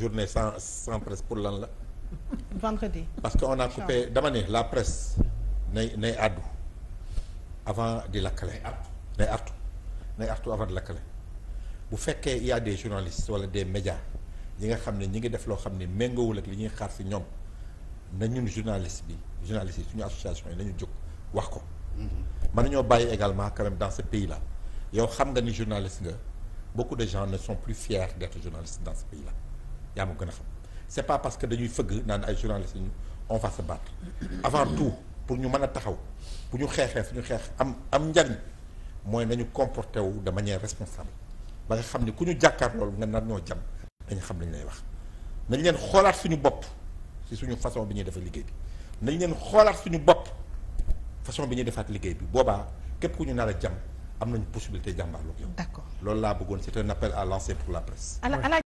journée sans sans presse pour lan la. vendredi. parce que on a coupé la presse nay nay àddu avant di lakkale. nay artu nay artu avant di lakkale bu fekkee il y a wala des médias yi nga xam ne ñi ngi def loo xam ne méngoowul ak ñuy xaar si ñoom na ñun journaliste bi journaliste yi suñu association yi nañu jóg wax ko. Mm-hmm. mën ñoo bàyyi également quand même dans ce pays là yow xam nga ni journaliste nga beaucoup de gens son sont plus fiers d'être journaliste dans ce pays là. yaa ma gën a xam c'est pas parce que dañuy fëgg naan ay journalistes ñu on va se battre avant tout pour ñu mën a taxaw bu ñu xeexee suñu xeex am am njariñ mooy nañu comporté wu de manière responsable ba nga xam ni ku ñu jàkkaar loolu nga nar ñoo jam dañu xam lañ lay wax nañ leen xoolaat suñu bopp si suñu façon bi ñuy defee liggéey bi nañ leen xoolaat suñu bopp façon bi ñuy defaat liggéey bi boobaa képp ku ñu nar a jam am nañu possibilité jàmbaarloog yow. d'accord loolu laa bëggoon c'est un appel à lancer pour la